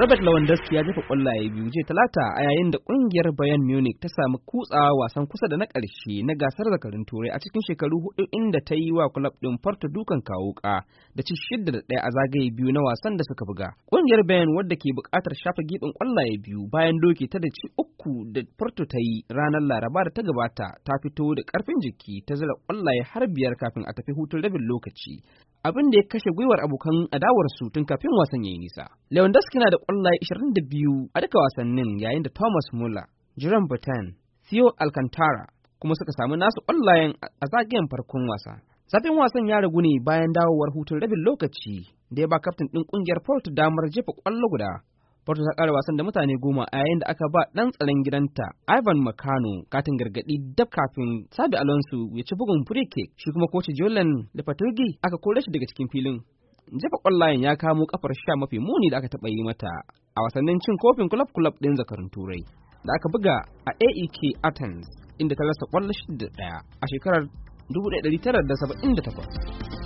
Robert Lewandowski ya jefa kwallaye biyu jiya talata a yayin da kungiyar Bayern Munich ta sami kutsawa wasan kusa da na ƙarshe na gasar zakarin turai a cikin shekaru hudu inda ta yi wa kulab ɗin Porto dukan kawuka da ci shidda da ɗaya a zagaye biyu na wasan da suka buga. ƙungiyar Bayern wadda ke buƙatar shafa gibin kwallaye biyu bayan doke ta da ci uku uku da Porto ta yi ranar Laraba da ta gabata ta fito da ƙarfin jiki ta zira ƙwallaye har biyar kafin a tafi hutun rabin lokaci. Abin da ya kashe gwiwar abokan adawarsu tun kafin wasan ya yi nisa. Lewandowski na da ƙwallaye 22 a duka wasannin yayin da Thomas Muller, Jerome Bertin, Theo Alcantara kuma suka samu nasu ƙwallayen a zagayen farkon wasa. Zafin wasan ya ragu ne bayan dawowar hutun rabin lokaci da ya ba kaftin ɗin ƙungiyar Porto damar jefa ƙwallo guda Porto ta kare wasan da mutane goma a yayin da aka ba ɗan tsaron gidanta Ivan Makano katin gargaɗi dab kafin Sabi Alonso ya ci bugun free kick shi kuma koci Jolan Lepaturgi aka kore shi daga cikin filin. Jefa ƙwallayen ya kamo kafar sha mafi muni da aka taɓa yi mata a wasannin cin kofin club club ɗin zakarun Turai da aka buga a AEK Athens inda ta rasa ƙwallo shida ɗaya a shekarar 1978.